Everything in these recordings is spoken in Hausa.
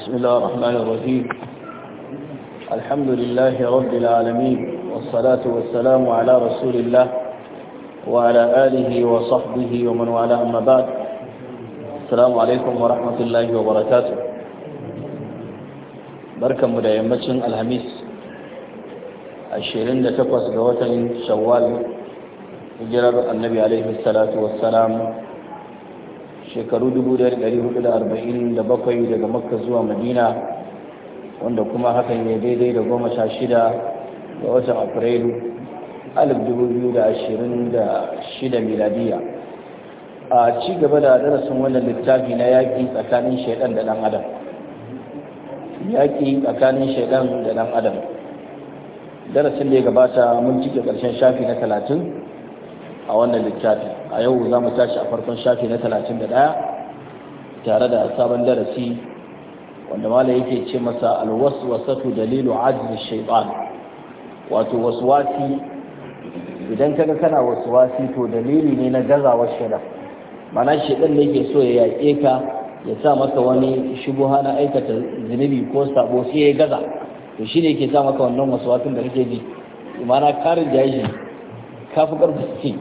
بسم الله الرحمن الرحيم الحمد لله رب العالمين والصلاة والسلام على رسول الله وعلى آله وصحبه ومن والاه أما بعد السلام عليكم ورحمة الله وبركاته بركة مدايمة الهميس الشيرين لتقوى سبوة شوال جرب النبي عليه الصلاة والسلام shekaru 1447 daga makka zuwa madina wanda kuma hakan ya daidai da goma sha shida ga watan afrilu 2026 miladiya a ci gaba da darasin wannan littafi na yaƙi tsakanin shaidan da ɗan adam yaƙi tsakanin shaidan da ɗan adam darasin da ya gabata mun cike ƙarshen shafi na talatin a wannan littafi a yau za mu tashi a farkon shafi na 31 tare da sabon darasi wanda mala yake ce masa alwaswasatu dalilu ajzi shaytan wato waswasi idan kaga kana waswasi to dalili ne na gazawar shaidan mana shaidan ne yake so ya yaƙe ka ya sa maka wani shubuha na aikata zunubi ko sabo sai ya gaza to shi ne yake sa maka wannan wasu da kake ji mana karin jayi ka fi karfi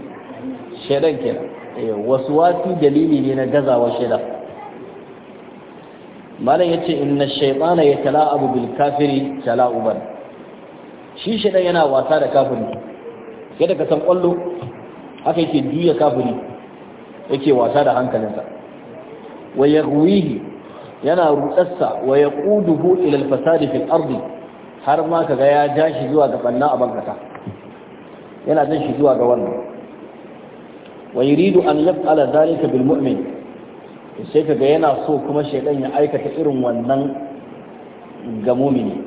shaidan kenan eh, wasu wasi dalili ne na gazawa shaidan malam ya yace inna shaytana yatala'abu bil kafiri tala'uban shi shaidan yana wasa da kafiri yadda ka san kwallo haka yake juya kafiri yake wasa da hankalinsa wa yaghwihi yana rutsarsa wa yaquduhu ila al fasadi fil ardi har ma kaga ya ja shi zuwa ga banna a bankata yana jan shi zuwa ga wannan wa yuridu an yaf'ala dhalika bil mu'min sai kaga yana so kuma shaydan ya aikata irin wannan ga mu'mini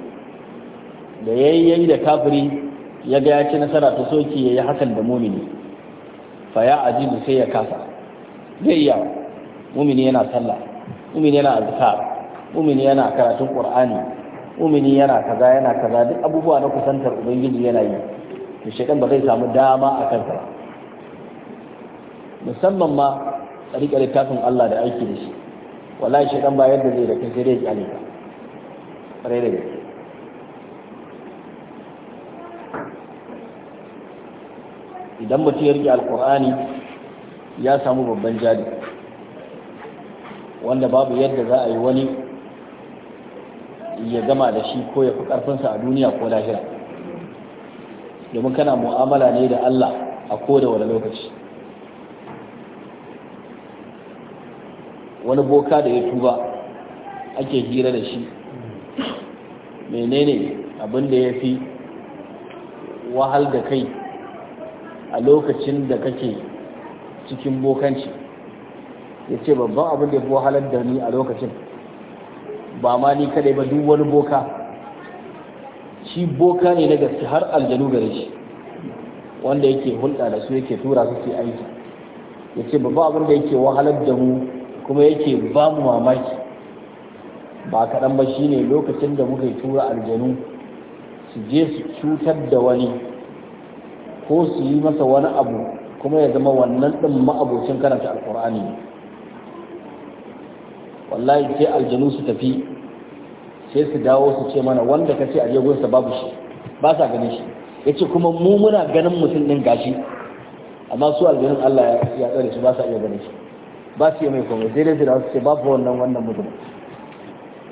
da yayyayi da kafiri ya ga ya ci nasara ta soki yayi hakan da mu'mini fa ya ajibu sai ya kasa zai iya mu'mini yana sallah mu'mini yana azkar mu'mini yana karatun qur'ani umini yana kaza yana kaza duk abubuwa na kusantar ubangiji yana yi to shekan ba zai samu dama a kansa ba musamman ma a riƙe littafin Allah da aiki da shi wallahi shi dan ba yadda zai da kai sai dai kyale ka da gaske idan mutum ya riƙe alƙur'ani ya samu babban jari wanda babu yadda za a yi wani ya gama da shi ko ya fi ƙarfinsa a duniya ko lahira domin kana mu'amala ne da Allah a koda wani lokaci wani boka da ya tuba ake hira da shi menene abin da ya fi wahal da kai a lokacin da kake cikin bokanci ya ce babban abin da ya fi wahalar da ni a lokacin ba ma ni kadai ba duk wani boka shi boka ne na gaske har aljanu gare shi wanda yake hulɗa da su yake tura su ke aiki ya ce babban abin da yake wahalar da mu kuma yake ba mu mamaki ba kaɗan ba shine lokacin da muka yi tura aljanu su je su cutar da wani ko su yi masa wani abu kuma ya zama wannan ɗin ma'abocin karanta alkur'ani ne wallahi sai aljanu su tafi sai su dawo su ce mana wanda ka ce a jegonsa babu shi ba sa ganin shi ya ce kuma mu muna ganin mutum ɗin gashi amma su aljanun allah ya tsare su ba sa iya ganin shi ba su yi mai komai sai dai su su ce babu wannan wannan mutum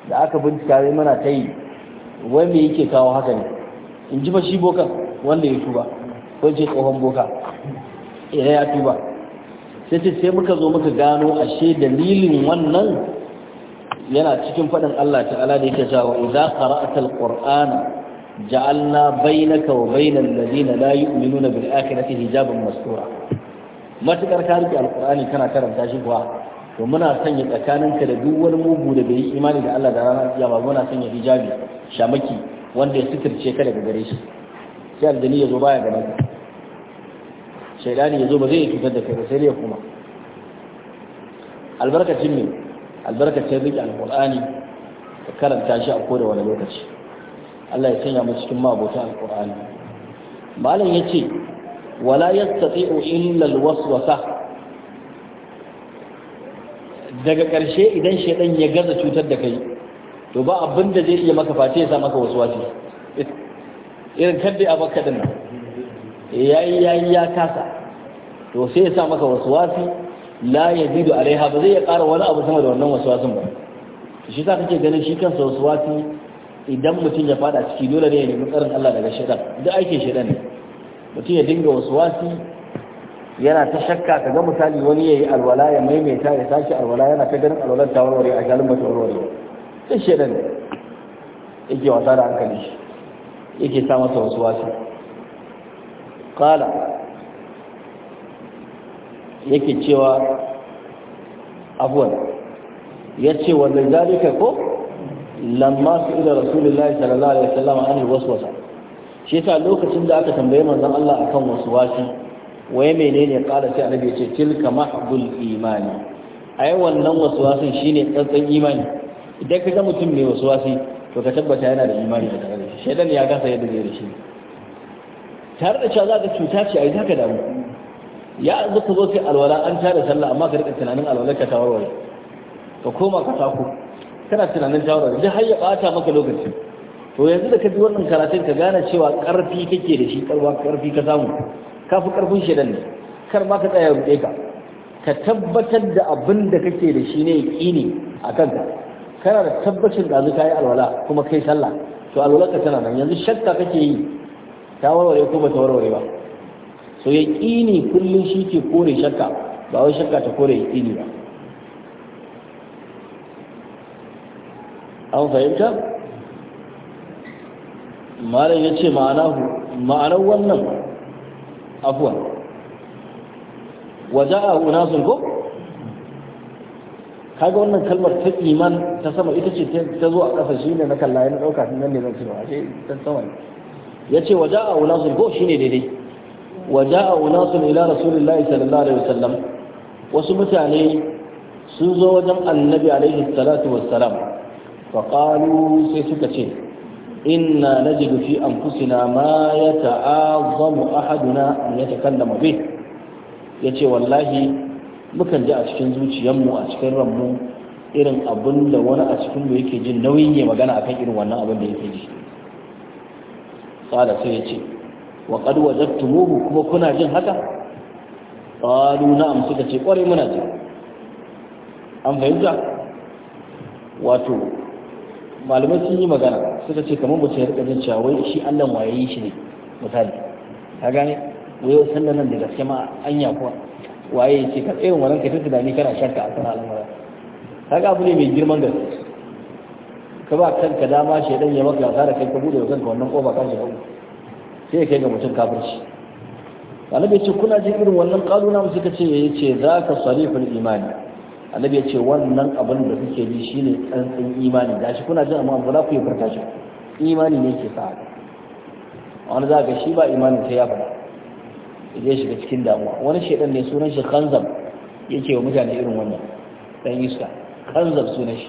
da aka bincika sai mana ta yi wai me yake kawo haka ne in ji fa shi bokan wanda ya tuba ko ce tsohon boka idan eh, ya tuba sai ce sai muka zo muka gano ashe dalilin wannan yana cikin faɗin Allah ta'ala da yake cewa idza qara'atal qur'ana ja'alna bainaka wa bainal ladina la yu'minuna bil akhirati hijaban mastura matuƙar ka rike Alƙur'ani kana karanta shi kuwa to muna sanya tsakaninka da duk wani mugu da bai yi imani da Allah da ranar kiyama muna sanya hijabi shamaki wanda ya suturce ka daga gare shi sai aljani ya zo baya gaban nan shaidani ya zo ba zai cutar da kai ba sai ya kuma albarkacin ne albarkacin rike Alƙur'ani ka karanta shi a koda wani lokaci Allah ya sanya mu cikin mabota Alƙur'ani. malam yace wala يستطيع illa alwaswasa daga ƙarshe idan shaidan ya gaza cutar da kai to ba abin da zai iya maka face ya sa maka wasu wasi. irin kadai a baka din yayi yayi ya kasa to sai ya sa maka wasu wasu, la yazidu alaiha ba zai ya ƙara wani abu sama da wannan wasu wasu ba shi sa kake ganin shi kansa wasu wasu idan mutum ya fada ciki dole ne ya nemi tsarin Allah daga shaidan duk aikin shaidan ne mutum ya dinga wasu wasi yana ta shakka ka ga misali wani ya yi alwala ya maimaita ya tashi alwala yana ta ganin alwalar ta warware a galin mata warware sai nan yake wasa da hankali shi yake sa masa wasu wasu kala yake cewa abuwan ya ce wanda zalika ko lamma su ila rasulullahi sallallahu alaihi wasallam an yi wasu wasa shi yasa lokacin da aka tambaye manzon Allah akan wasu wasi waye menene kada sai annabi ya ce tilka mahdul imani ai wannan wasu wasin shine tsantsan imani idan ka ga mutum mai wasu wasi to ka tabbata yana da imani da kare da shi shedan ya gasa yadda zai da shi tare da cewa za ka cuta ce ai za ka damu ya zuka zo sai alwala an tare sallah amma ka rika tunanin alwala ka tawarware ka koma ka tako kana tunanin tawarware duk har ya bata maka lokacin. to yanzu da ka bi wannan karatun ka gane cewa karfi kake da shi karwa karfi ka samu ka fi karfin shi ne kar ma ka tsaya ruɗe ka ka tabbatar da abin da kake da shi ne yaƙini a kanka kana da tabbacin da ka yi alwala kuma kai sallah to alwala ka tana nan yanzu shakka kake yi ta warware ko ba ta warware ba so yaƙini kullum shi ke kore shakka ba wai shakka ta kore yaƙini ba an fahimta malam ya ce ma'anar wannan abuwa waje a sun ko kaga wannan kalmar ta iman ta sama ita ce ta zo a ƙasa shi ne na kalla ya na ɗauka nan ne zan cewa ce ta sama ne ya ce waje a sun ko shi ne daidai waje a sun ila la'i sallallahu alaihi wasallam wasu mutane sun zo wajen annabi alaihi salatu wassalam faƙalu sai suka ce inna najidu fi anfusina ma ya yata'azzamu ahaduna an yatakallama bih ce wallahi mukan ji a cikin zuciyarmu a cikin ranmu irin abin da wani a cikin mu yake jin nauyin ya magana akan irin wannan abin da yake ji qala sai ce wa qad wajadtumuhu kuma kuna jin haka qalu na'am suka ce kware muna ji an fahimta wato malamai sun yi magana suka ce kamar mutum ya rika jin cewa wai shi Allah waye shi ne misali ka gane wai sannan nan da gaske ma ya kuwa waye ce ka tsayin wannan kai tunani kana shakka a sanar al'amura ga abu ne mai girman gaske ka ba kanka dama shi ya maka yasa da kai ka bude wa kanka wannan kofa kan shiga sai kai ga mutum kafirci annabi ce kuna jin irin wannan kaluna mu suka ce ya ce za ka sariful imani annabi ya ce wannan abin da kuke ji ne tsantsin imani gashi kuna jin amma ba za ku yi furta shi imani ne ke sa haka wani za ga shi ba imanin sai ya faɗa. ya shiga cikin damuwa wani shaidan ne sunan shi khanzam yake wa mutane irin wannan dan iska khanzam sunan shi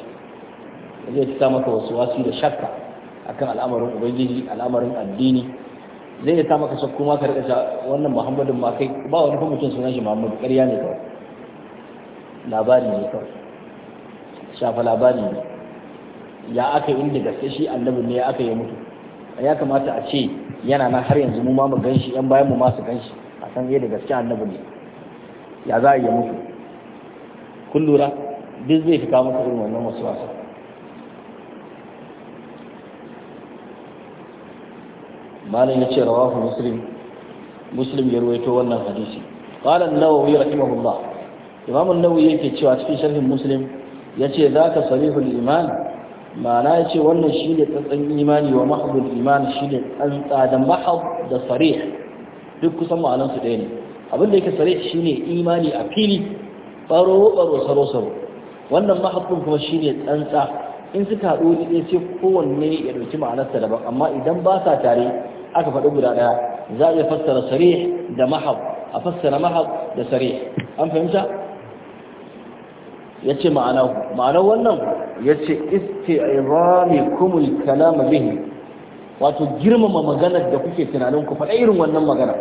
zai ta maka wasu wasu da shakka akan al'amarin ubangiji al'amarin addini zai ta maka shakku ma ka rika wannan muhammadin ma kai ba wani kuma mutum sunan shi muhammadu ƙarya ne kawai labari ne kawai shafa labari ne ya aka yi inda gaske shi annabin ne ya aka yi mutu ya kamata a ce yana nan har yanzu mu ma mu ganshi yan bayan mu ma su ganshi a san da gaske annabi ne ya za a yi mutu kun lura duk zai fi kama maka irin wannan wasu wasa malam ya ce rawahu muslim muslim ya ruwaito wannan hadisi qala an-nawawi rahimahullah imam an-nawawi yake cewa cikin sharhin muslim yace zaka sarihul iman ma'ana yace wannan shine tsantsan imani wa mahdul iman shine tsantsa da mahd da sarih duk kusan ma'anan su ɗaya ne abin da yake sarih shine imani a fili baro baro saro saro wannan mahdul kuma shine tsantsa in suka haɗu wani ɗaya sai kowanne ya ɗauki ma'anarsa daban amma idan ba sa tare aka faɗi guda ɗaya za a iya fassara sarih da mahab a fassara mahab da sarih an fahimta ya ce ma'anar wannan ya ce isti'irami kumul kalama bihi wato girmama maganar da kuke tunanin ku faɗa irin wannan magana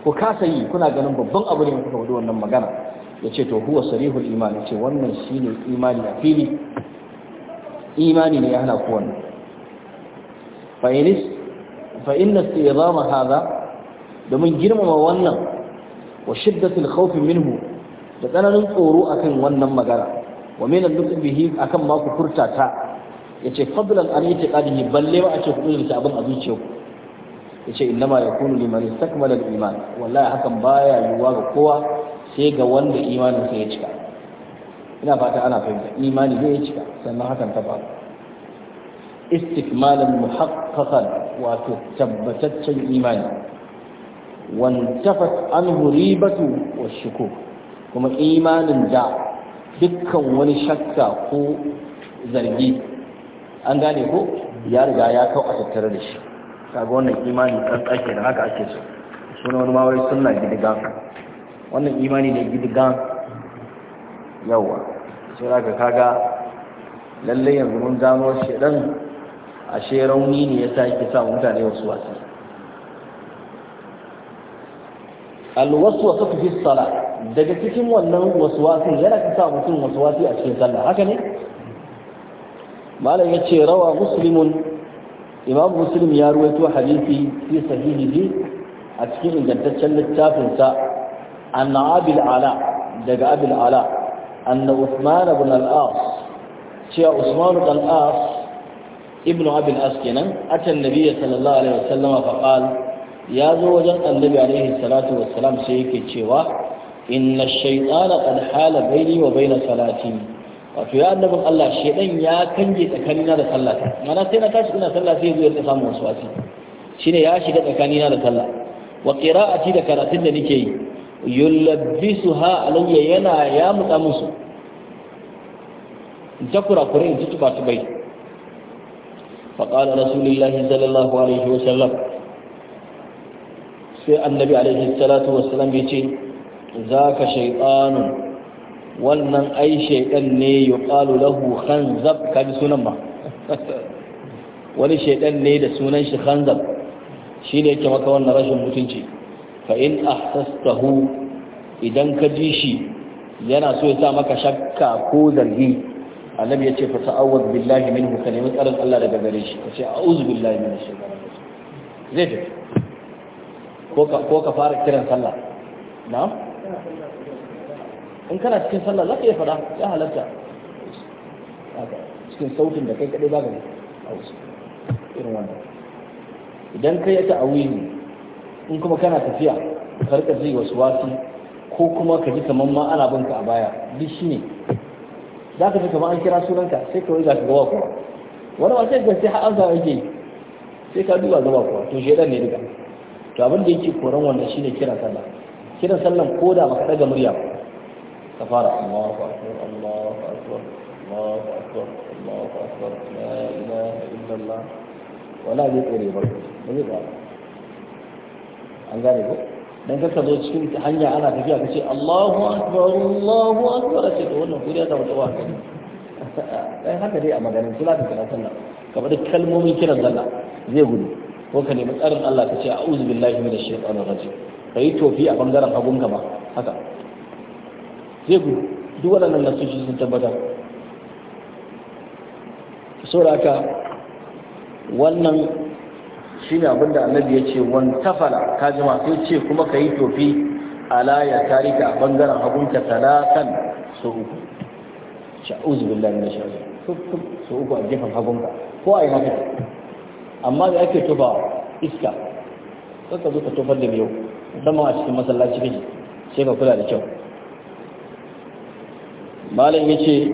ku kasa yi kuna ganin babban abu ne kuka faɗi wannan magana ya ce to huwa sarihul imani ce wannan shine imani a fili imani ne ya hana ku wannan fa inna isti'irama hadha domin girmama wannan wa shiddatul khawfi minhu da tsananin tsoro akan wannan magana wa min al-lutfi a akan ma ku furta ta yace fadlan an yi taqadihi balle ba a ce ku ta abin a zuciyarku yace innama yakunu liman istakmala al-iman wallahi hakan baya yiwuwa ga kowa sai ga wanda imanin ya cika ina fata ana fahimta imani zai cika sannan hakan ta faru istikmalan muhaqqaqan wato tabbataccen imani wantafat anhu ribatu wa shuku kuma imanin da dukkan wani shakka ko zargi an gane ko ya riga ya kau a tattare da shi kaga wannan imani kan tsake da haka ake so suna wani mawari suna gidiga wannan imani ne gidiga yawa sai haka kaga lallai yanzu mun gano A ashe rauni ne ya sa yake sa mutane wasu wasu alwasu fi salat daga cikin wannan wasuwasin yana ka sa mutum wasuwasi a cikin sallah haka ne malam ya ce rawa muslimun imam muslim ya ruwaito hadisi fi sahihihi a cikin ingantaccen littafinsa anna abil ala daga abil ala anna usman ibn al-as cewa usman ibn al-as ibn abil as kenan atan nabiyyi sallallahu alaihi wasallam fa qala ya zo wajen annabi alaihi salatu wassalam sai yake cewa inna shaytana qad hala baini wa baina salati wato ya annabin Allah shedan ya kange tsakanina da sallata mana sai na tashi ina sallah sai zo ya samu wasu wasu shine ya shiga tsakanina da sallah wa qira'ati da karatun da nake yi yullabbisuha alayya yana ya mutsa musu jakura kure in tuba tubai fa qala rasulullahi sallallahu alaihi wa sallam sai annabi alaihi salatu wa sallam yace Za ka shaiɗanu wannan ai shaiɗan ne ya yuqalu lahu khanzab ji sunan ba wani shaiɗan ne da sunan shi khanzab ne yake maka wannan rashin mutunci fa a ahsastahu idan ka ji shi yana so ya sa maka shakka ko zargi annabi ce fa ta'awwaz billahi minhu ka nemi tsarin Allah daga gare shi ka ce a'udhu billahi minash shaitanir rajim zai tafi ko ka fara kiran sallah na'am in kana cikin sallah za ka iya fada ya halarta cikin sautin da kai kaɗai ba gani a wasu irin wannan idan kai ya ne in kuma kana tafiya ka rika zai wasu wasu ko kuma ka ji kamar ma ana bin ka a baya duk shi ne za ka ji kamar an kira sunanka sai ka wai za ka gawa kuwa wani wasu sai sai har an zama yake sai ka duba gawa kuwa to shaidan ne duka to abin da yake koran wannan shine kira sallah kiran sallan ko da baka daga murya ba ka fara Allahu akbar Allahu akbar Allahu akbar Allahu akbar la ilaha illallah wala zai tsore ba ba zai tsara an gane ko dan ka zo cikin hanya ana tafiya ce, Allahu akbar Allahu akbar ce to wannan kuriya ta wata waka ne dan haka dai a maganin kula da kiran sallah kamar da kalmomin kiran sallah zai gudu ko ka nemi tsarin Allah ka ce a'udhu billahi minash shaitanir rajim ka yi tofi a bangaren hagun gaba haka zai gudu duk waɗannan nasoshi sun tabbata sauraka wannan shi ne abinda annabi ya ce wani tafala ka jima sai ce kuma ka yi tofi ala ya tarika a bangaren hagunka talatan so uku sha'uzu billahi na sha'uzu so uku a gefen hagunka ko a yi haka amma da ake tufa iska sai ka zo ka tofar da yau musamman a cikin masallaci kake sai ka kula da kyau malam ce,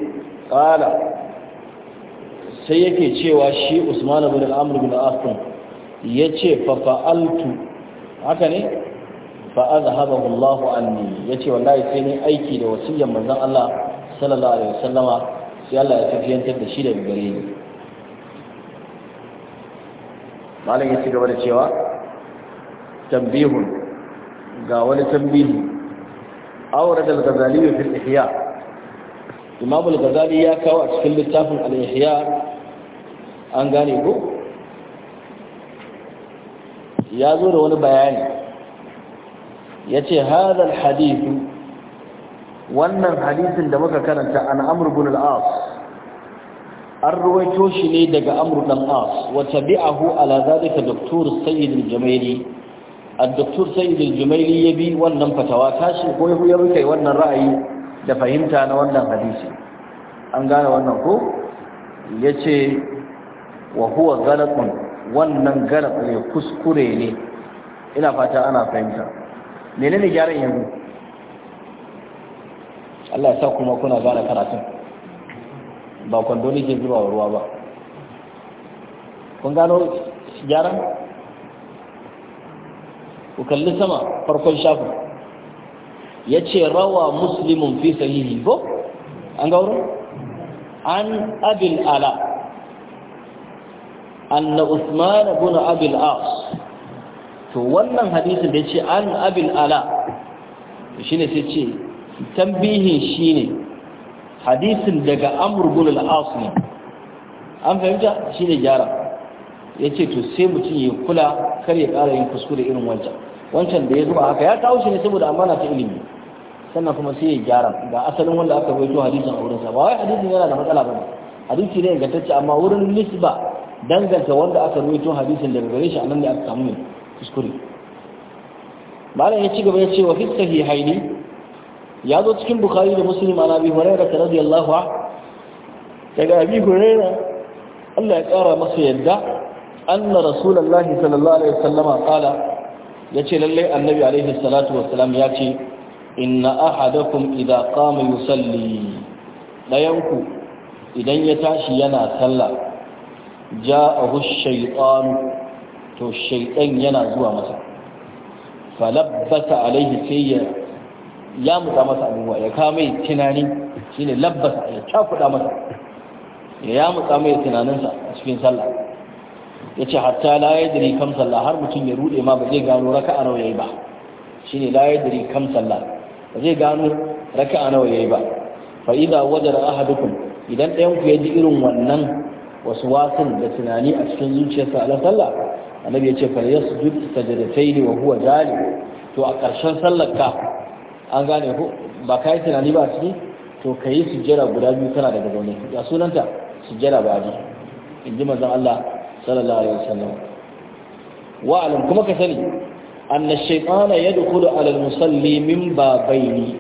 ƙala. sai yake cewa shi Usman abu da amr ibn afton ya ce fa fa'altu haka ne fa haɗa Allah anni wanda ya sai ne aiki da wasiyyar manzon Allah sallallahu alaihi wasallama sai Allah ya tafiyantar da shi daga gare ni malam ya ci gaba da cewa tambihun ga wani tambayi awrad al-ghazali fi al-ihya imam al-ghazali ya kawo a cikin littafin al-ihya an gane ko ya zo da wani bayani yace hadha al-hadith wannan hadisin da muka karanta an amr ibn al-as an ruwaito shi ne daga amr dan as wa tabi'ahu ala zalika doktor sayyid al-jamaili الدكتور سيد الجميلي يبي wannan fatawa tashi ko ya rukai wannan ra'ayi da fahimta na wannan hadisi an gane wannan ko yace wa huwa galatun wannan galat ne kuskure ne ina fata ana fahimta menene gyaran yanzu Allah ya sa kuma kuna gane karatun ba kwando ne ke zuba ruwa ba kun gano gyaran ku kalli sama farkon shafin ya ce rawa muslimun fi sahihi ko an gauru an abin ala anna usman ibn abin as to wannan hadisin da ya ce an abin ala shine sai ce tambihin shine hadisin daga amr ibn ne an fahimta shine gyara ya ce to sai mutum ya kula kar ya ƙara yin kuskure irin wancan wancan da ya zo haka ya kawo shi ne saboda amana ta ilimi sannan kuma sai ya gyara ga asalin wanda aka rawaito hadisin a wurinsa ba wai hadisin yana da matsala ba hadisi ne ingantacce amma wurin nisba danganta wanda aka rawaito hadisin daga gare shi anan da aka samu ne kuskure malam ya ci gaba ya ce wa fi sahihaini ya zo cikin bukhari da muslim an abi hurairah radiyallahu anhu daga abi hurairah Allah ya kara masa yadda anna rasulullahi sallallahu alaihi wasallama qala ya ce lallai annabi alaihi salatu wassalam ya ce inna ahadakum idza qama yusalli dayanku idan ya tashi yana sallah ja'ahu shaytan to shaytan yana zuwa masa falabbata alaihi sai ya ya mutsa masa abubuwa ya kawo yi tunani shine labbasa ya cakuda masa ya mutsa mai tunaninsa a cikin sallah yace hatta la da kam sallah har mutum ya rude ma ba zai gano raka'a nawa yayi ba shine la yadri kam sallah ba zai gano raka'a nawa ba fa'ida idza wajara ahadukum idan ɗayan ku ya ji irin wannan wasu wasan da tunani a cikin zuciyarsa ala sallah annabi yace fa yasjud ne wa huwa jari to a ƙarshen sallar ka an gane ko ba yi tunani ba ciki to kai sujjara guda biyu tana daga zaune ya sunanta sujjara ba ji in ji manzon Allah sallallahu alaihi wasallam wa alam kuma ka sani anna shaytana yadkhulu ala almusalli min babaini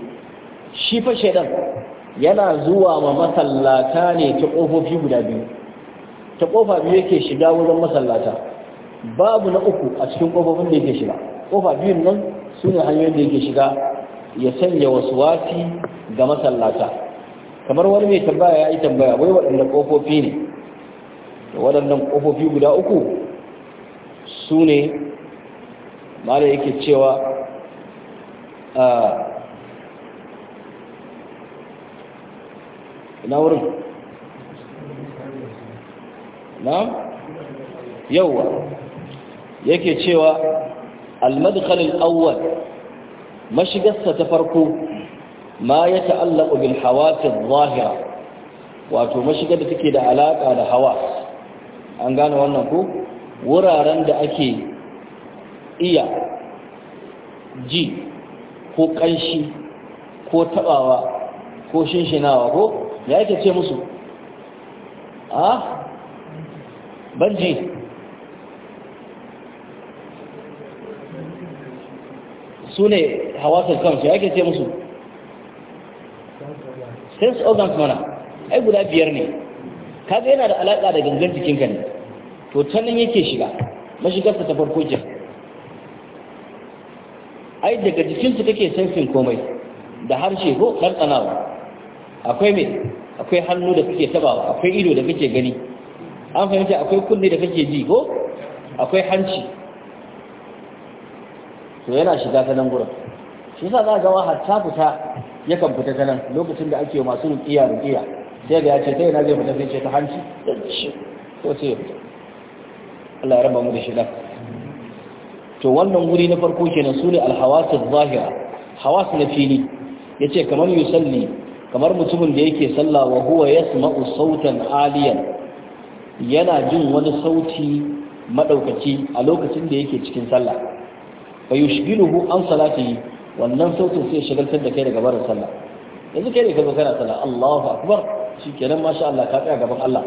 shi fa shaytan yana zuwa ma masallata ne ta kofofi guda biyu ta kofa biyu yake shiga wurin masallata babu na uku a cikin kofofin da yake shiga kofa biyun nan sune hanyoyin da yake shiga ya sanya wasu wasi ga masallata kamar wani mai tambaya ya yi tambaya wai waɗanda kofofi ne waɗannan ƙofofi guda uku su ne mara yake cewa a ina wurin na yauwa yake cewa almadkhalin awwal mashigarsa ta farko ma ya ta'allaka bil ta zahira wato mashigar da take da alaƙa da hawa an gane wannan ko wuraren da ake iya ji ko ƙanshi ko taɓawa ko shinshinawa ko ya yake ce musu a banji su ne hawasar kansu ya yake ce musu sense organs mana ai guda biyar ne kaga yana da alaƙa da gangan jikinka ne to ta nan yake shiga mashigarsa ta farko ke ai daga jikinsu kake sanfin komai da harshe ko ɗanɗanawa akwai mai akwai hannu da kake tabawa akwai ido da kake gani an fahimta akwai kunne da kake ji ko akwai hanci to yana shiga ta nan gurin shi sa za a ga hatta fita yakan fita ta nan lokacin da ake masu rukiya rukiya sai ga ya ce ta yana zai mutafi sai ce ta hanci to sai ya fita Allah ya raba mu da shaidan to wannan guri na farko kenan sune alhawasul zahira hawas na fili yace kamar yusalli kamar mutumin da yake sallah wa huwa yasma'u sautan aliyan yana jin wani sauti madaukaci a lokacin da yake cikin sallah fa yushghiluhu an salatihi wannan sautin sai shagaltar da kai daga barin sallah yanzu kai ne ka zo kana sallah Allahu akbar shikenan masha Allah ka tsaya gaban Allah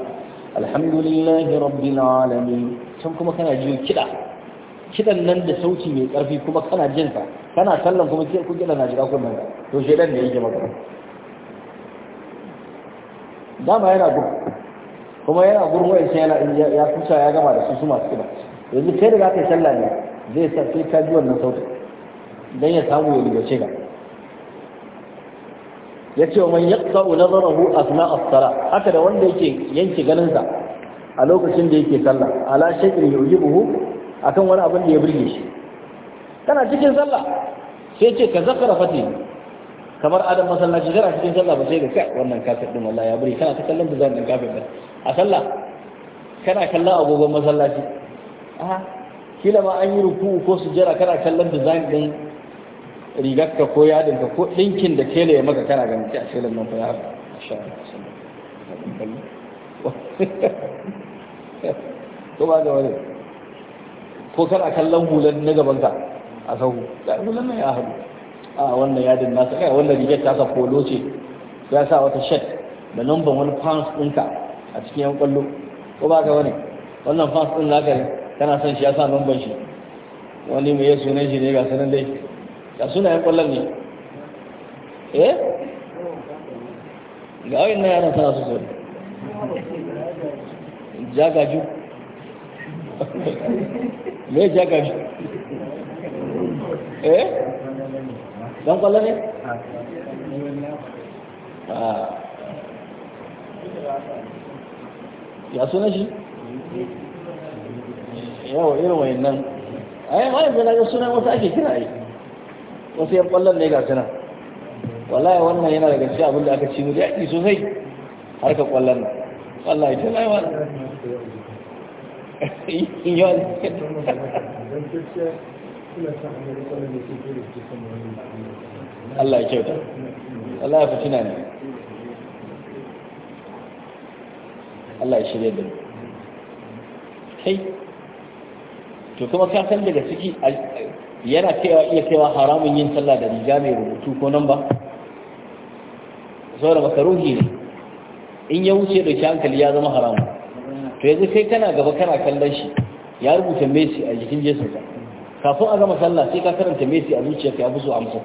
alhamdulillahi rabbil alamin can kuma kana jiyo kiɗa kiɗan nan da sauti mai ƙarfi kuma kana jin ka kana sallan kuma kiɗan ku kiɗan na jira kunnen ka to shedan ne yake maka dama yana gur kuma yana gur wayan sai yana ya kusa ya gama da su su masu kiɗa yanzu kai da za ka yi sallah ne zai sa sai ka ji wannan sautin dan ya samu ya rigace ka yace man yaqta nazarahu asna as-sala haka da wanda yake yanke ganin sa a lokacin da yake sallah ala buhu a akan wani abin da ya birge shi kana cikin sallah sai ce ka zakara fati kamar adam masallaci kana cikin sallah ba sai ga kai wannan kafin ɗin, wallah ya buri kana ta kallon da din kafin ɗin a sallah kana kallon agogon masallaci a kila ma an yi ruku ko sujjara kana kallon design din rigarka ko yadinka ko ɗinkin da kele ya maka kana ganin a filin nan fa ya sha to ba ga wani ko kar a kallon hulan na gaban ka a sahu da hulan na ya haɗu a wannan yadin nasa kai wannan rigar ta sa polo ce ya sa wata shed da numban wani fans ɗinka a cikin yan kwallo ko ba ga wani wannan pounds ɗin naka ne kana son shi ya sa numban shi wani mai ya sunan shi ne ga sanin dai ga sunayen kwallon ne eh ga wani na yana sana su sosai jagaju me jagaju eh don kwallo ne ah. ya suna shi Yau irin wayan nan ai ma yanzu na ga suna wasu ake kira yi. wasu yan kwallon ne ga suna wallahi wannan yana daga cikin abin da aka ci mu da yaƙi sosai harkar kwallon nan wallahi ta laiwa Yol. Allah ya kyauta. Allah ya fi tunani. Allah ya shirya da mu. Kai, to kuma ka san daga ciki yana kaiwa iya kaiwa haramun yin sallah da riga mai rubutu ko nan ba? Saboda makaruhi ne. In ya wuce da hankali ya zama haramun. to yanzu kai kana gaba kana kallon shi ya rubuta messi a jikin Jesu ka kafin a gama sallah sai ka karanta messi a zuciya ka ya fi so amsa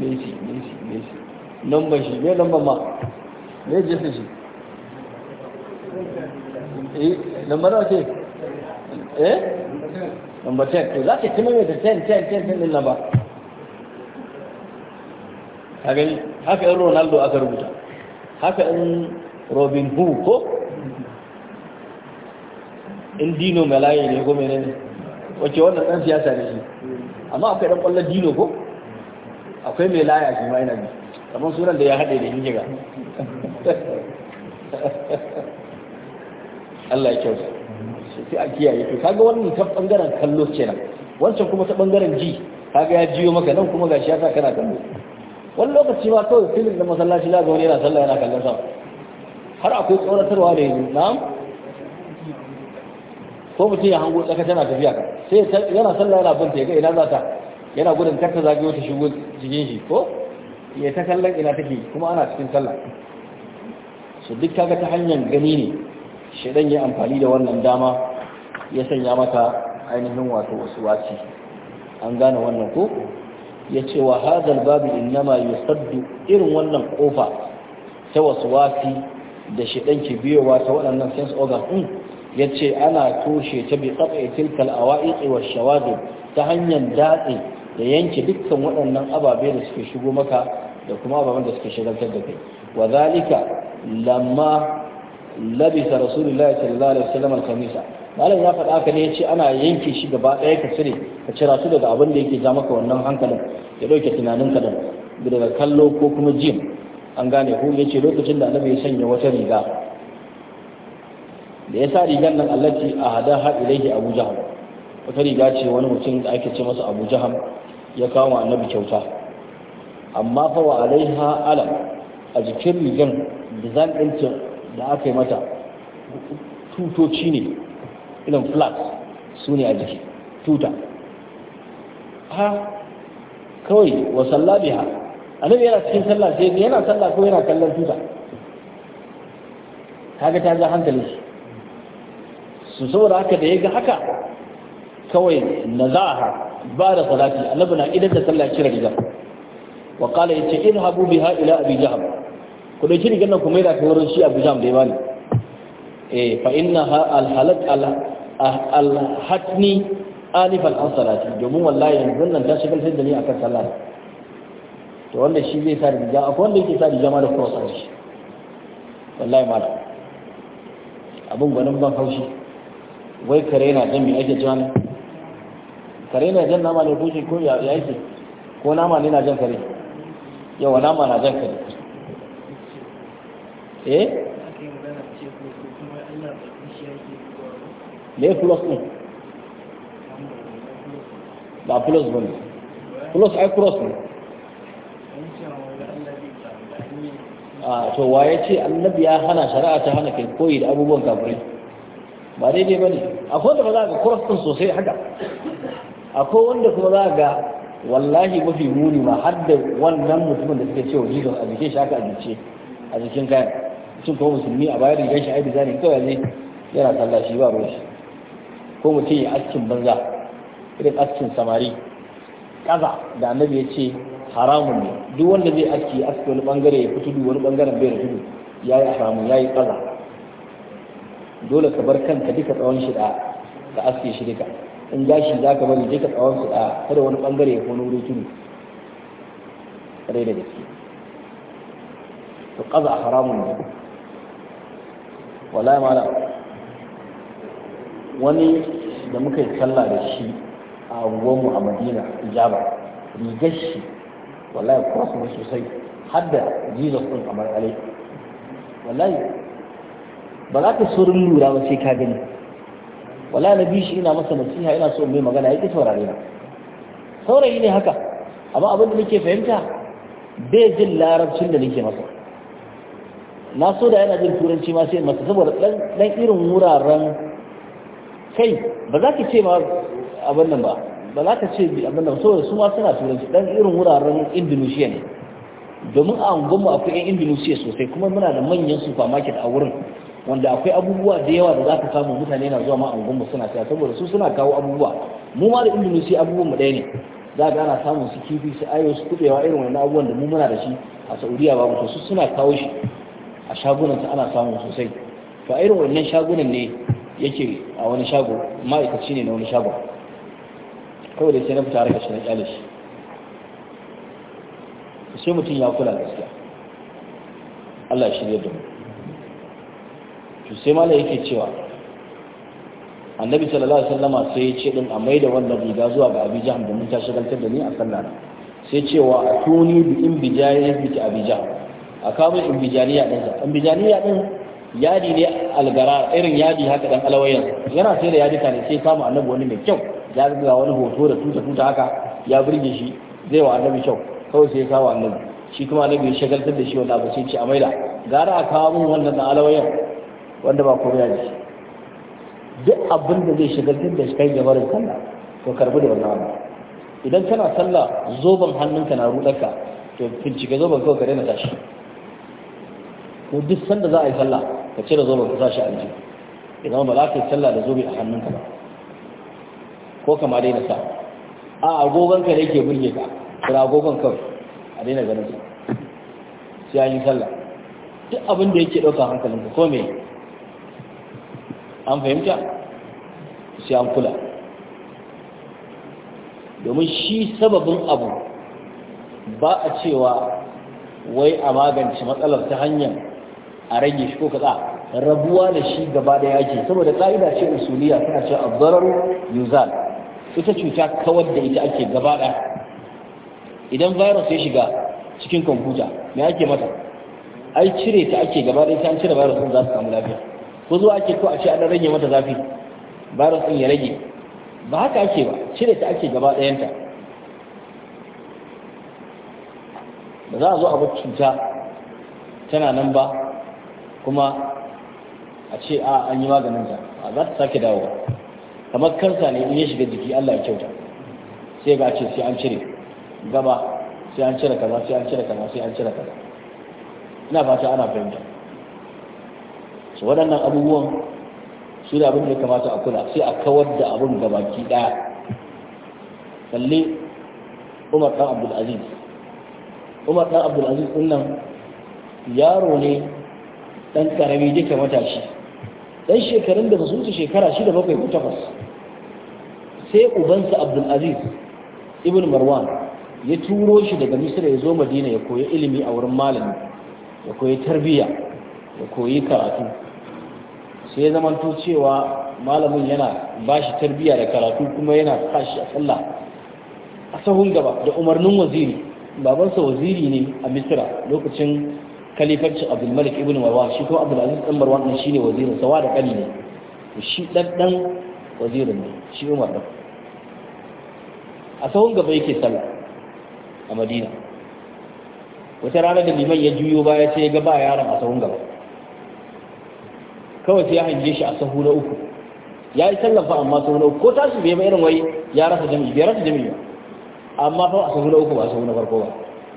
messi messi messi lambar shi me lambar ma me Jesu shi eh lambar na ce eh lambar ten. to za ka kima mai da 10 10 10 din nan ba haka yin ronaldo aka rubuta haka yin robin hood ko in dino malaye ne ko menene wace wannan dan siyasa ne shi amma akwai dan kwallon dino ko akwai mai laya shi ma yana bi kamar suran da ya haɗe da injiga. Allah ya kyauta sai a kiyaye to kaga wannan ta bangaren kallo kenan wancan kuma ta bangaren ji kaga ya jiyo maka nan kuma gashi ya sa kana kallo wani lokaci ma kawai filin da masallaci za ga wani yana sallah yana kallon sa har akwai tsoratarwa da yanzu na'am ko mutum ya hango tsaka tana tafiya sai yana sallah yana binta ya ga ina za ta yana gudun karta ta wata shigo cikin shi ko ya ta kallon ina take kuma ana cikin sallah su duk kaga ta hanyar gani ne shedan ya amfani da wannan dama ya sanya mata ainihin wato wasu waci an gane wannan ko ya ce wa hadal babu innama saddu irin wannan kofa ta wasu wasi da dan ke biyowa ta waɗannan sense organ yace ana toshe ta bi qat'i tilkal awa'iq wa shawadib ta hanyar datse da yanke dukkan waɗannan ababe da suke shigo maka da kuma ababen da suke shigar da kai wa zalika lamma labisa rasulullahi sallallahu alaihi wasallam al-khamisa malam ya faɗa haka ne yace ana yanke shi gaba ɗaya ka cire ka cira su daga abin da yake ja maka wannan hankalin ya ɗauke tunanin ka da daga kallo ko kuma jim an gane ko yace lokacin da annabi ya sanya wata riga da ya sa rigar nan allati a hada ha ilaihi abu jaham wata riga ce wani mutum da ake ce masa abu jaham ya kawo annabi kyauta amma fa wa alaiha alam a jikin rigar zan ɗinta da aka yi mata tutoci ne irin flags su ne a jiki tuta ha kawai wa ha annabi yana cikin sallah sai yana sallah ko yana kallon tuta kaga ta ga hankali su saboda haka da ya ga haka kawai na za'aha ba da salati annabi na idan da sallah cire rigar wa qala yace idhabu biha ila abi jahm ku dauki rigar nan ku mai da ta wurin shi abu jahm da ya bani eh fa innaha al halat al hatni alifan an salati domin wallahi yanzu nan ta shigar sai da ni akan sallah to wanda shi zai sa riga akwai wanda yake sa riga ma da cross a wallahi malam abin gwanin ban haushi wai kare na jan mai ake cewa ne kare na jan nama ne bushe ko ya yake ko nama ne na jan kare yawa nama na jan kare eh me plus ne ba plus ba ne plus ai cross ne a ah, to waye ce annabi ya hana shari'a ta hana kai koyi da abubuwan kafirai ba daidai ba ne akwai wanda ba za ga kuras ɗin sosai haka akwai wanda kuma za ga wallahi mafi muni ma har da wannan mutumin da suka ce jesus a jikin shi haka a jice a jikin kayan sun kuma musulmi a bayan rigar shi aibi zane kawai ne yana sallah shi ba ruwa shi ko mutum ya askin banza irin askin samari kaza da annabi ya ce haramun ne duk wanda zai aski aski wani bangare ya fito wani bangaren bai da tudu ya yi haramun ya yi kaza dole ka bar kanka duka tsawon shi da ka aske shi duka in gashi za ka bari duka tsawon shi da kada wani bangare ya kono wuri tudu kare da gaske to qaza haramun ne wallahi mala wani da muka yi sallah da shi a unguwarmu a madina ijaba rigar shi wallahi cross ne sosai har da jesus din kamar alai wallahi ba za ka saurin lura ba sai ka gani wala na bi shi ina masa nasiha ina so mai magana ya ƙi saurare ba. saurayi ne haka amma abin da nake fahimta bai jin larabcin da nake masa na so da yana jin turanci ma sai masa saboda ɗan irin wuraren kai ba za ka ce ma abin nan ba ba za ka ce abin nan saboda su ma suna turanci ɗan irin wuraren indonesia ne domin a unguwanmu akwai 'yan indonesia sosai kuma muna da manyan supermarket a wurin wanda akwai abubuwa da yawa da za ka samu mutane na zuwa ma suna siya. saboda su suna kawo abubuwa mu ma da indonesia abubuwan mu ɗaya ne za ga ana samun su kifi su ayo su kubewa irin wannan abubuwan da mu muna da shi a saudiya ba to su suna kawo shi a shagunan ana samu sosai to a irin wannan shagunan ne yake a wani shago ma'aikaci ne na wani shago kawai da sai na fita harkar shi na kyale shi sai mutum ya kula gaskiya Allah shirya da mu to sai mala yake cewa annabi sallallahu alaihi wasallama sai ya ce din a maida wannan riga zuwa ga abi da mun ta shagaltar da ni a sallar. sai cewa a tuni bi in bijaya bi ta abi a kawo in bijaniya din sa in bijaniya din yadi ne algara irin yadi haka dan alawayan yana sai da yadi ne. sai samu annabi wani mai kyau ya ga wani hoto da tuta tuta haka ya burge shi zai wa annabi kyau kawai sai ya kawo annabi shi kuma annabi ya shagaltar da shi wanda ba sai ce a maida gara a kawo min wannan alawayan wanda ba komai a jiki duk abin da zai shigar da shi kai gabarin sallah to karbi da wannan abu idan kana sallah zoben hannunka na rudarka to bincike zoben kawai ka daina tashi ko duk sanda za a yi sallah ka cire zoben ka tashi a jiki idan ba za ka yi sallah da zobe a hannunka ba ko kama daina sa a agogon ka da yake burge ka kira agogon kawai a daina ganin sa sai an yi sallah duk abin da yake ɗauka hankalinka ko me an fahimta sai an kula domin shi sababin abu ba a cewa wai a magance matsalar ta hanyar a rage shi ko kaza rabuwa da shi gaba da yake saboda ka'ida ce usuliya suna cewa abdarar yuzal ita cuta kawar da ita ake gaba da idan virus ya shiga cikin kwamfuta me ake mata ai cire ta ake gaba da ita an cire virus din za su samu lafiya ko zuwa ake ko a ce an rage mata zafi barin din ya rage ba haka ake ba cire ta ake gaba ɗayanta ba za a zo a bar cuta tana nan ba kuma a ce a an yi maganin ta a za ta sake dawo kamar kansa ne in ya shiga jiki Allah ya kyauta sai ga ce sai an cire gaba sai an cire kaza sai an cire kaza sai an cire kaza ina fata ana fahimta su waɗannan abubuwan su da abin da ya kamata a kula sai a kawar da abin ga baki ɗaya kalli umar ɗan abdulaziz umar ɗan abdulaziz ɗin yaro ne ɗan ƙarami duka matashi ɗan shekarun da su shekara shida bakwai ko takwas sai ubansa abdulaziz ibn marwan ya turo shi daga misira ya zo madina ya koyi ilimi a wurin malami ya koyi tarbiyya ya koyi karatu sai ya zama to cewa malamin yana ba shi tarbiya da karatu kuma yana sa shi a sallah a sahun gaba da umarnin waziri babansa waziri ne a misira lokacin abu abdulmalik ibn marwa shi abu abdulaziz ɗan marwa ɗin ne wazirin sawa da ƙani ne shi ɗanɗan wazirin ne shi umar ɗan a sahun gaba yake sallah a madina wata rana da liman ya juyo baya sai ya ga ba yaron a sahun gaba kawai sai ya hange shi a sahu na uku ya yi tallafa amma sahu na uku ko tashi bai mai irin wai ya rasa jami'i bai rasa jami'i amma fa a sahu na uku ba a sahu na farko ba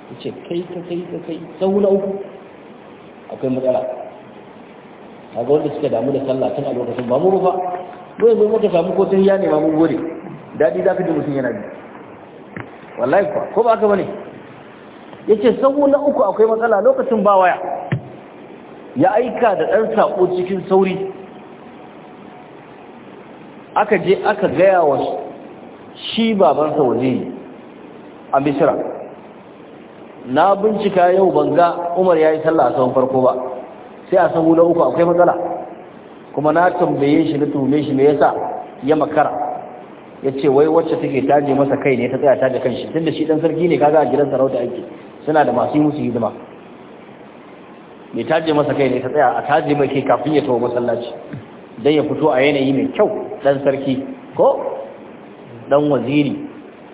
ya ce kai ka kai ka kai sahu na uku akwai matsala a ga wanda suka damu da sallah tun a lokacin ba mu rufa dole mu muka samu ko sun ya nema mun gode Dadi za ka ji mutum yana bi wallahi ko ba ka bane ne ya ce sahu na uku akwai matsala lokacin ba waya ya aika da ɗan saƙo cikin sauri aka je aka gaya wa shi babansa waje a misira na bincika yau ban ga umar ya yi sallah a sahun farko ba sai a sahu na uku akwai matsala kuma na tambaye shi na tume shi me yasa ya makara ya ce wai wacce take taje masa kai ne ta tsaya taje kan shi tunda shi dan sarki ne kaga a gidan sarauta ake suna da masu yi musu hidima mai taje masa kai ne ta tsaya a taje mai ke kafin ya tawo masallaci don ya fito a yanayi mai kyau dan sarki ko dan waziri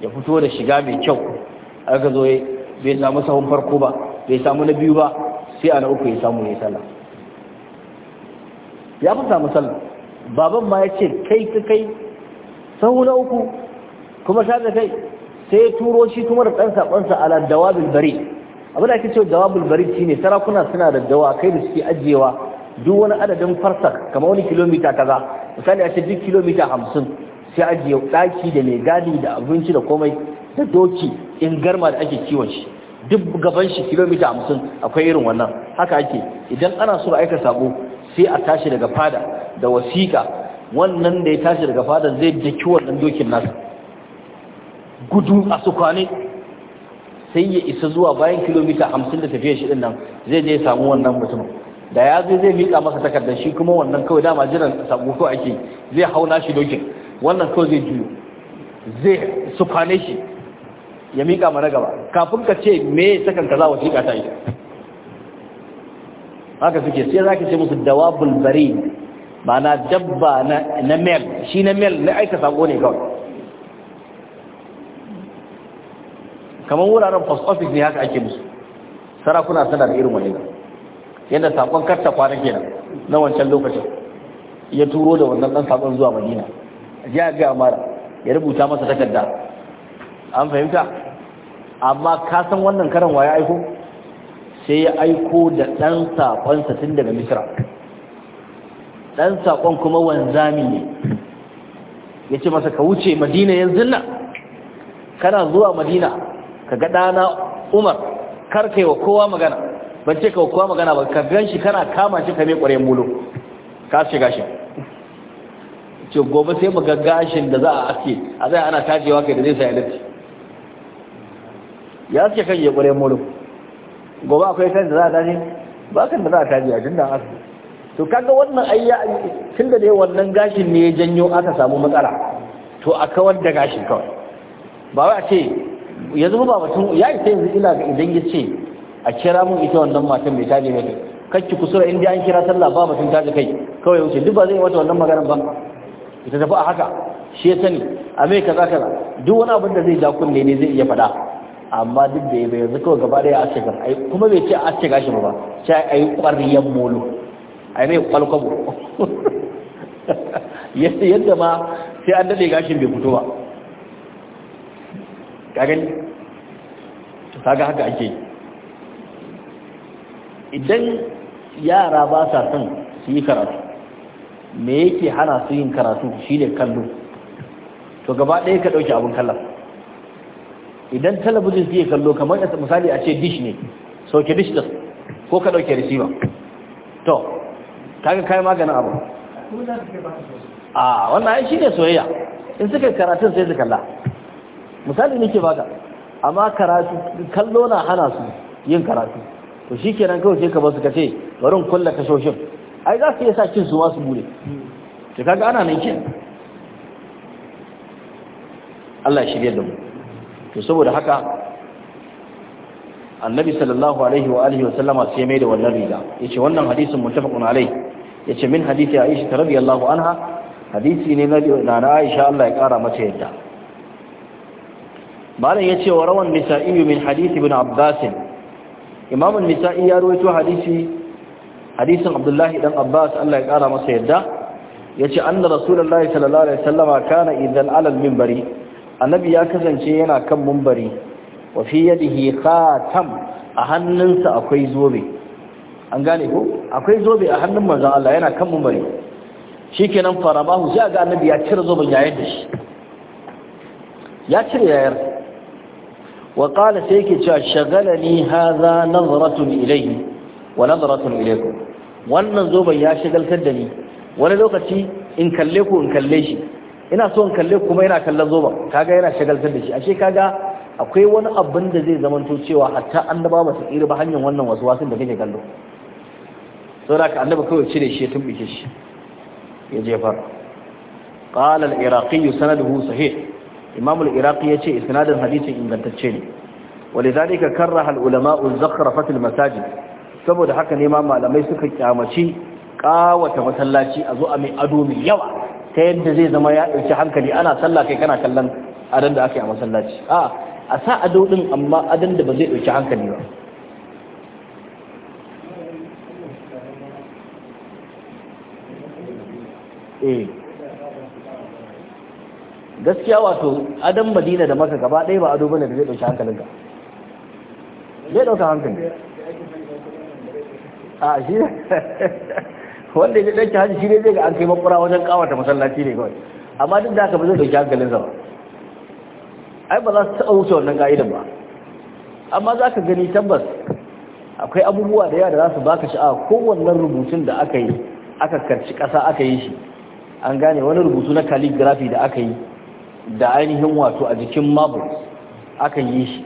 ya fito da shiga mai kyau aka zo bai samu sahun farko ba bai samu na biyu ba sai a na uku ya samu ya sallah ya fi samu sallah baban ma ya ce kai ka kai sahu na uku kuma sha da kai sai ya turo shi kuma da ɗan saƙonsa ala dawabin bari abin da ake cewa jawabul barid shine sarakuna suna da dawa kai da suke ajiyewa duk wani adadin farsak kamar wani kilomita kaza misali a ce duk kilomita hamsin sai ajiye daki da mai gadi da abinci da komai da doki in garma da ake kiwon shi duk gaban shi kilomita hamsin akwai irin wannan haka ake idan ana so aika sabo sai a tashi daga fada da wasiƙa wannan da ya tashi daga fada zai daki wannan dokin nasa gudu a su sai ya isa zuwa bayan kilomita hamsin da tafiyar shi nan zai je samu wannan mutum da ya zai zai miƙa masa takardar shi kuma wannan kawai dama jiran sabo ko ake zai hau shi dokin wannan kawai zai juyo zai sufane shi ya miƙa mana gaba kafin ka ce me sakan kaza wasiƙa ta yi haka suke sai za ka ce musu dawabul bari na dabba na mel shi na mel na aika sako ne kawai kamar wuraren post office ne haka ake musu sarakuna suna da irin wani yadda sakon karta kwanan kenan na wancan lokacin ya turo da wannan dan sakon zuwa madina ya a mara ya rubuta masa takarda an fahimta amma ka san wannan karan ya aiko sai ya aiko da ɗan sakonsa tun daga misra dan sakon kuma wanzami ne ya ce masa ka wuce madina yanzu nan kana zuwa madina ka ga ɗana umar kar ka yi wa kowa magana ban ce ka wa kowa magana ba ka gan shi kana kama shi ka mai ƙware mulo ka shiga shi ce gobe sai mu gashin da za a aske a zai ana tajewa kai da zai sa latti ya suke kan yi ƙware mulo gobe akwai kan da za a tashi ba kan da za a tajewa a tun da aske to kaga wannan ayya tun da dai wannan gashin ne ya janyo aka samu matsala to a kawar da gashin kawai ba wai a ce yanzu ba batun ya isa yanzu ila ga idan ya ce a kira mun ita wannan matan bai taje mai kacci kusura in dai an kira sallah ba batun taje kai kawai wuce duk ba zai wata wannan magana ba ita tafi a haka shi ya sani a mai kaza kaza duk wani abin da zai ja kunne ne zai iya faɗa amma duk da ya bai yanzu kawai gaba daya a ce ai kuma bai ce a ce gashi ba ba sai ai ƙwariyan molo ai mai kwalkwabo yadda ma sai an dade gashin bai fito ba ka gani kaga haka ake idan yara ba sa son su yi karatu me yake hana su yin karatu shine kallo to gaba ɗaya ka ɗauki abin kallon idan talabijin su yi kallo kamar misali a ce dish ne sauke dish ɗin ko ka ɗauke receiver to kaga kai maganin abu a wannan shi ne soyayya in suka karatun sai su kalla misali nake baka amma karatu kallo na hana su yin karatu to shikenan kawai sai ka basu ka ce barin kulla kashoshin ai za su iya sa su ma su bude to kaga ana nan kin Allah ya shirye da mu to saboda haka annabi sallallahu alaihi wa alihi wa sallama sai mai da wannan riga yace wannan hadisin muttafaqun alai yace min hadisi Aisha radiyallahu anha hadisi ne na Aisha Allah ya kara mata yadda malam yace wa rawan nisa'i min hadisi ibn abbas imam an-nisa'i ya rawaito hadisi hadisin abdullahi dan abbas Allah ya kara masa yadda yace anna rasulullahi sallallahu alaihi wasallama kana idan ala al-minbari annabi ya kasance yana kan minbari wa fi yadihi khatam a hannunsa akwai zobe an gane ko akwai zobe a hannun manzon Allah yana kan minbari shikenan farabahu sai ga annabi ya cire zoben yayar da shi ya cire yayar wa sai yake cewa shagalani hadha nazratun ilayhi wa nazratun ilaykum wannan zoban ya shagaltar da ni wani lokaci in kalle ku in kalle shi ina so in kalle kuma yana kallon zoban kaga yana shagaltar da shi ashe kaga akwai wani abin da zai zamanto cewa hatta annaba ba su tsira ba hanyar wannan wasu wasun da kake kallo saboda ka annaba kawai cire shi ya tumbike shi ya jefar qala al-iraqi sanaduhu sahih imam al-iraqi ce isnadin hadisin ingantacce ne walidhalika karraha al-ulama az-zakhrafat al saboda haka ne ma malamai suka kyamaci kawata masallaci a zo a mai ado mai yawa ta yadda zai zama ya ɗauki hankali ana sallah kai kana kallon adon da ake a masallaci a a sa ado din amma adon da ba zai ɗauki hankali ba eh gaskiya wato adam madina da maka gaba ɗaya ba ado ne da zai ɗauki hankalin ka zai ɗauka hankali a shi wanda ya ɗauki hajji shi ne zai ga an kai makura wajen kawata masallaci ne kawai amma duk da haka ba zai ɗauki hankalinsa ba ai ba za su taɓa wuce wannan ka'idan ba amma za ka gani tabbas akwai abubuwa da yawa da za su baka sha'awa wannan rubutun da aka yi aka karci ƙasa aka yi shi an gane wani rubutu na calligraphy da aka yi da ainihin wato a jikin marble aka yi shi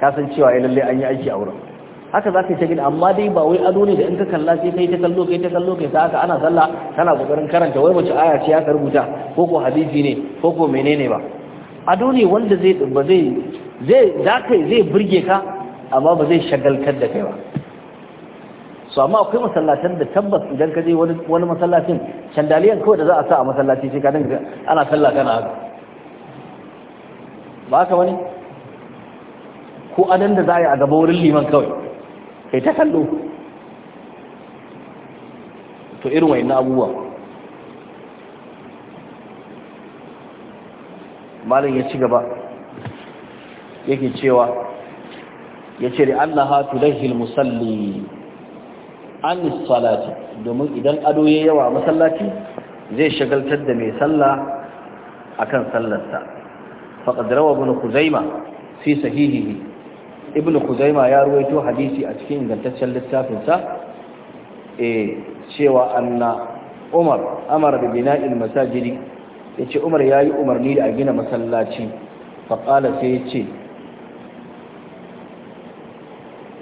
kasancewa ya lalle an yi aiki a wurin haka za ka yi shagin amma dai ba wai ado ne da in ka kalla sai kai ta kallo kai ta kallo kai ta haka ana sallah kana kokarin karanta wai mace aya ce ya rubuta ko ko hadisi ne ko ko menene ba ado ne wanda zai ba zai zai za ka zai burge ka amma ba zai shagaltar da kai ba su amma akwai masallacin da tabbas idan ka je wani masallacin shandaliyan kawai da za a sa a masallaci sai ka dinga ana sallah kana haka ba haka wani ko adan da za a gaba wurin liman kawai kai ta kallo to irin wani na abubuwa malin ya ci gaba yake cewa ya ce da Allah ha tulahil musalli an salati domin idan ado ya yawa masallaci zai shagaltar da mai sallah akan sallarsa faqad rawa ibn khuzaima fi sahihihi ibn khuzaima ya ruwaito hadisi a cikin ingantaccen littafin sa eh cewa anna umar amara bi bina'il masajidi yace umar yayi umarni da a gina masallaci faqala sai yace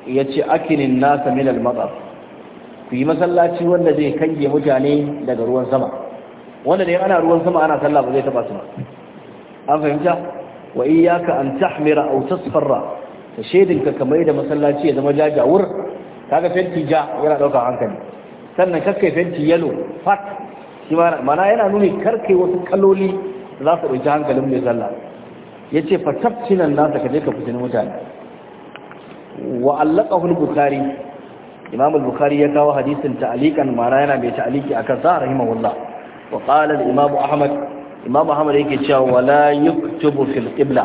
yace akilin nasa min al ku yi masallaci wanda zai kange mutane daga ruwan sama wanda dai ana ruwan sama ana sallah ba zai taba su ba an fahimta wa iyyaka an tahmira aw tasfarra ta shedinka kamar da masallaci ya zama jajawur kaga fenti ja yana daukar hankali sannan kakkai fenti yalo fat shi mana yana nuni karkai wasu kaloli za su ɗauki hankalin mai sallah ya ce fatafcinan nasa ka je ka fitini mutane wa allakahul bukari imam al bukari ya kawo hadisin ta'alikan mana yana mai ta'aliki akan sa rahimahullah wa qala al-imam ahmad imam ahmad yake cewa wala yuktubu fil qibla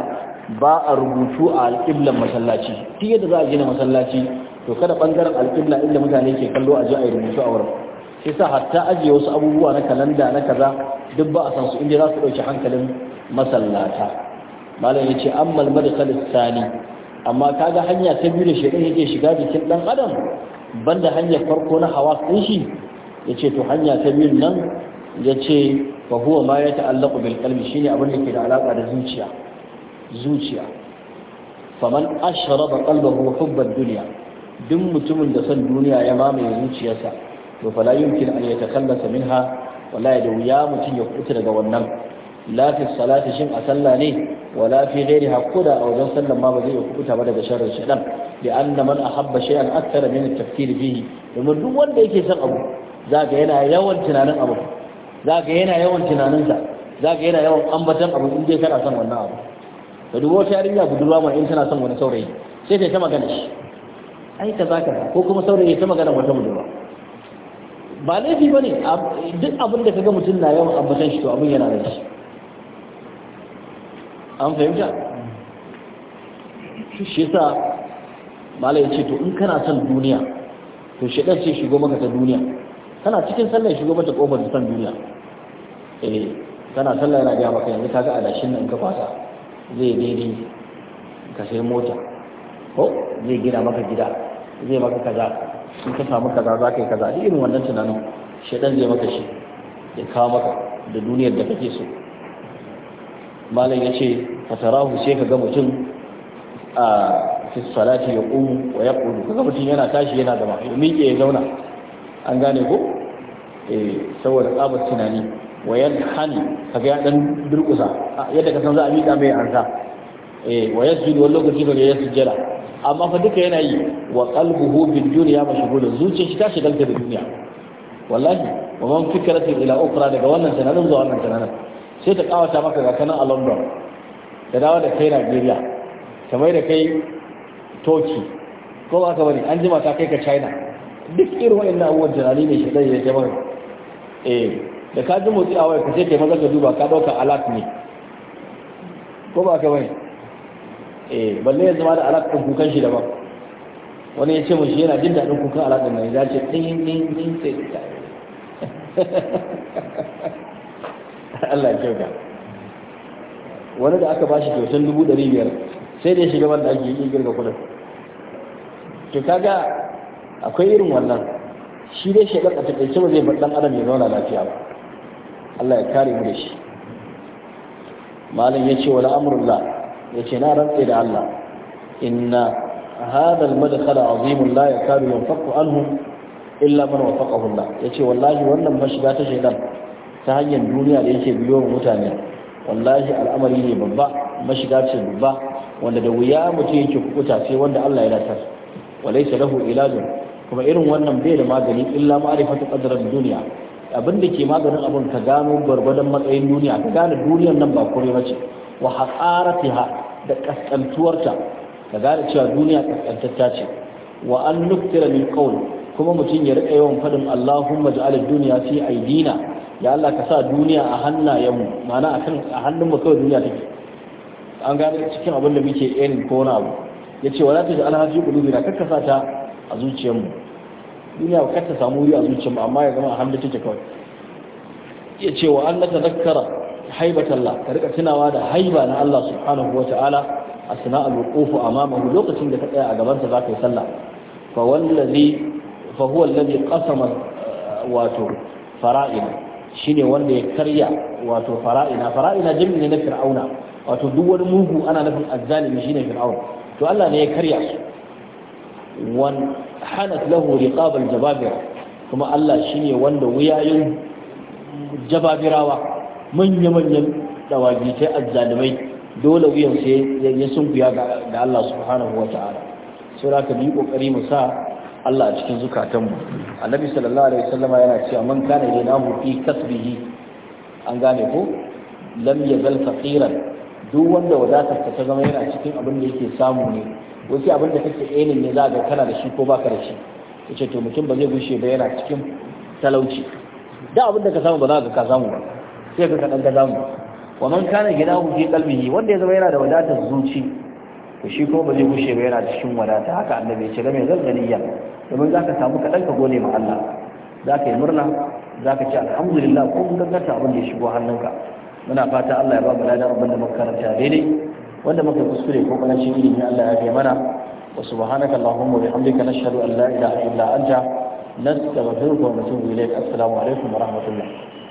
ba a rubutu a alqiblan masallaci duk yadda za a gina masallaci to kada bangaren alqibla inda mutane ke kallo a ji a rubutu a wurin sai sa hatta ajiye wasu abubuwa na kalanda na kaza duk ba a san su inda za su dauki hankalin masallata malam yace ammal madkhal Sani, amma kaga hanya ta biyu da shedan yake shiga jikin dan adam banda hanyar farko na hawa din shi yace to hanya ta biyun nan ya ce fa ma ya ta'allaku bil qalbi shine abin da ke da alaka da zuciya zuciya faman ashraba qalbahu hubbad duniya. duk mutumin da son duniya ya mamaye zuciyarsa to fala yumkin an min minha wala da wuya mutum ya kuta daga wannan la salati shin a sallah ne wala fi ghairi hakuda a wajen sallan ma ba zai kuta ba daga sharrin shaitan bi anna man ahabba shay'an akthara min at-tafkir bihi? domin duk wanda yake son abu zaka yana yawan tunanin abu za ka yana yawan tunaninsa za ka yana yawan ambatan abu in dai kana son wannan abu da duk wata yarinya gudurwa mai in tana son wani saurayi sai ta ta magana shi ai ta za ka ko kuma saurayi ta magana wata budurwa ba laifi ba ne duk abin da ka ga mutum na yawan ambatan shi to abin yana da shi an fahimta shi sa malai ce to in kana son duniya to dan ce shigo maka ta duniya kana cikin sallah shugaban shigo mata kofar duniya eh kana sallah yana ga maka yanzu kaga adashin nan ka fasa zai daidai ka sai mota ko zai gina maka gida zai maka kaza in ka samu kaza za ka yi kaza irin wannan tunanin shaidan zai maka shi ya kawo maka da duniyar da kake so malam ya ce fatarahu sai ka ga mutum a fi ya ƙumu wa ya ƙudu ka ga mutum yana tashi yana zama ya miƙe ya zauna an gane ko Eh, saboda tsabar tunani wayan hani ka ya dan durkusa yadda ka san za a miƙa mai arza eh wayan su wani lokaci ba ya sujjada amma fa duka yana yi wa qalbuhu bil dunya mashghulun zuciya shi ta shigalta da duniya wallahi wa man fikrati ila ukhra daga wannan sanarin zuwa wannan sanarin sai ta kawata maka ga kanan a London da dawo da kai Najeriya kamar da kai Turkey ko ba ka bari an jima ta kai ka China duk irin wa'annan abubuwan tunani ne shi zai ya jama'a eh da ka ji motsi a waya ka ce kai maza ka duba ka dauka alat ne ko ba ka bane eh balle ya zama da alat ɗin kukan shi daban wani ya ce mun shi yana jin daɗin kukan alat ɗin nan ya ce ɗin ɗin ɗin sai ta Allah ya kyauta wani da aka bashi kyautan dubu ɗari biyar sai dai shiga wanda ake yi girga kudin to kaga akwai irin wannan shi dai shaidan a taƙaice ba zai bar ɗan adam ya zauna lafiya ba Allah ya kare mu da shi malam ya ce wala amrullah ya ce na rantse da Allah inna hadha al-madkhala azimun la yakadu yanfaqu anhu illa man wafaqahu Ya ce wallahi wannan mashiga ta shaidan ta hanyar duniya da yake biyo mutane wallahi al'amari ne babba mashiga ce babba wanda da wuya mutum yake kukuta sai wanda Allah ya datar walaysa lahu ilajun kuma irin wannan bai da magani illa ma'arifatu qadrar duniya abin da ke maganin abin ka gano gwargwadon matsayin duniya ka gane duniyar nan ba kore bace wa haqaratiha da kaskantuwarta ka gane cewa duniya kaskantatta ce wa an nuktira min qawl kuma mutum ya rika yawan fadin Allahumma ja'al ad-dunya fi aidina ya Allah ka sa duniya a hannayenmu ma'ana akan a hannun mu kawai duniya take an gane cikin abin da muke yin ko na abu yace wala taj'al hadhihi qulubina kakkasa ta a zuciyarmu duniya ba ta samu wuri a zuciyarmu amma ya zama a hamda take kawai ya ce wa an ta zakkara haibatallah ka rika tunawa da haiba na Allah subhanahu ta'ala a sana'ar a mamahu lokacin da ka tsaya a gabansa za ka yi sallah fa wallazi fa huwa allazi qasama eh, wato fara'ina shine wanda ya karya wato fara'ina fara'ina jami'in ne na fir'auna wato duk wani mugu ana nufin azzalimi shine fir'auna to Allah ne ya karya su wan hanat lahu riqabal jababir kuma Allah shine wanda wuyayin jababirawa manya manyan dawagi sai azzalimai dole wuyan sai ya sunkuya ga Allah subhanahu wataala sai ka bi kokari mu sa Allah a cikin zukatanmu annabi sallallahu alaihi wasallama yana cewa man kana yanahu fi kasbihi an gane ko lam yazal faqiran duk wanda wadatar ta zama yana cikin abin da yake samu ne wasu abin da kake ainin ne za ga kana da shi ko ba ka da shi yace to mutum ba zai gushe ba yana cikin talauci da abin da ka samu ba za ka ka samu ba sai ka kadan ka samu wa man kana gidahu fi qalbihi wanda ya zama yana da wadatar zuci to shi ko ba zai gushe ba yana cikin wadata haka annabi ya ce da mai zalzaliya domin za ka samu kaɗan ka gode ma Allah za ka yi murna za ka ce alhamdulillah ko kun gaggata abin da ya shigo hannunka muna fata Allah ya ba mu ladan abin da muka karanta daidai wanda muka kuskure ko karancin ilimi Allah ya bi mana wa subhanaka allahumma bihamdika nashhadu an la ilaha illa anta nastaghfiruka wa natubu ilayk assalamu alaikum wa rahmatullah